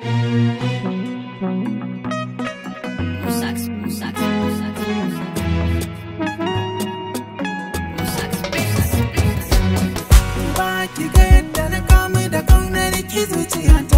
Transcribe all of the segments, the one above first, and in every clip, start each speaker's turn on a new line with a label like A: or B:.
A: Back
B: again, I'm and zuciya ta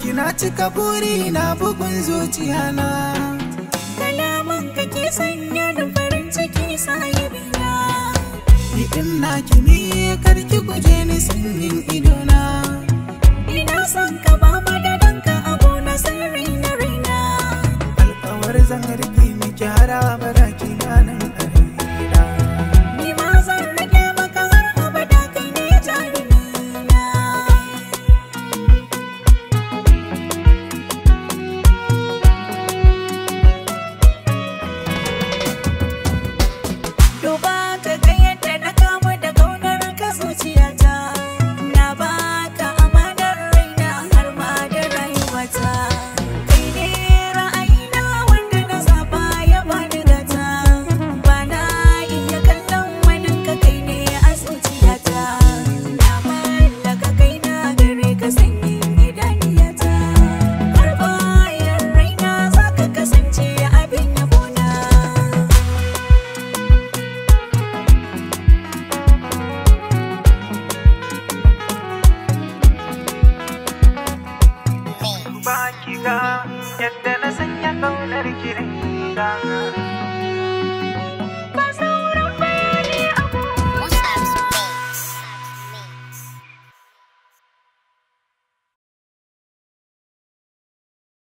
B: kina cika buri na bugun zuciya na kalaman kake sanya da farin ciki sahibina
A: ni din na kini karki guje ni sanyin idona ina son ka ba madadanka abu na sirri na raina
B: alkawar zan rike miki haraba Take it easy,